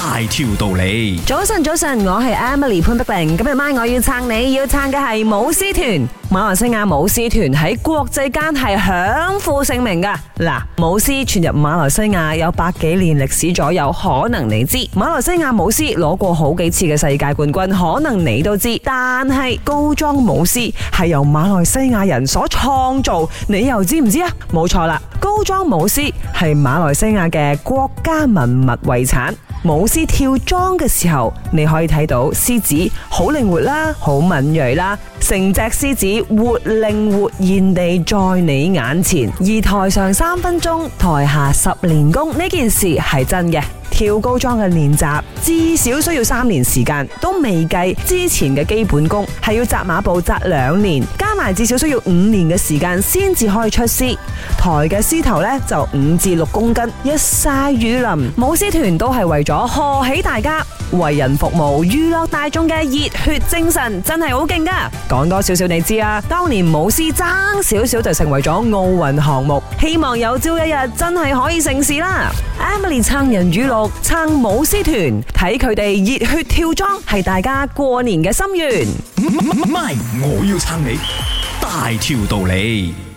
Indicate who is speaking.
Speaker 1: 大條道理，
Speaker 2: 早晨早晨，我係 Emily 潘碧玲。今日晚我要撐你，要撐嘅係舞獅團。馬來西亞舞獅團喺國際間係享負盛名嘅。嗱，舞獅傳入馬來西亞有百幾年歷史左右，可能你知。馬來西亞舞獅攞過好幾次嘅世界冠軍，可能你都知。但係高樁舞獅係由馬來西亞人所創造，你又知唔知啊？冇錯啦，高樁舞獅係馬來西亞嘅國家文物遺產舞。獅跳樁嘅時候，你可以睇到獅子好靈活啦，好敏銳啦，成隻獅子活靈活現地在你眼前。而台上三分鐘，台下十年功，呢件事係真嘅。跳高樁嘅練習至少需要三年時間，都未計之前嘅基本功係要紮馬步紮兩年。埋至少需要五年嘅時間先至可以出師，台嘅獅頭呢，就五至六公斤，一曬雨淋，舞獅團都係為咗賀喜大家，為人服務、娛樂大眾嘅熱血精神真係好勁噶。講多少少你知啊，當年舞獅爭少少就成為咗奧運項目，希望有朝一日真係可以成事啦。Emily 撐人語錄，撐舞獅團，睇佢哋熱血跳裝，係大家過年嘅心願。
Speaker 1: My，我要撐你。大條道理。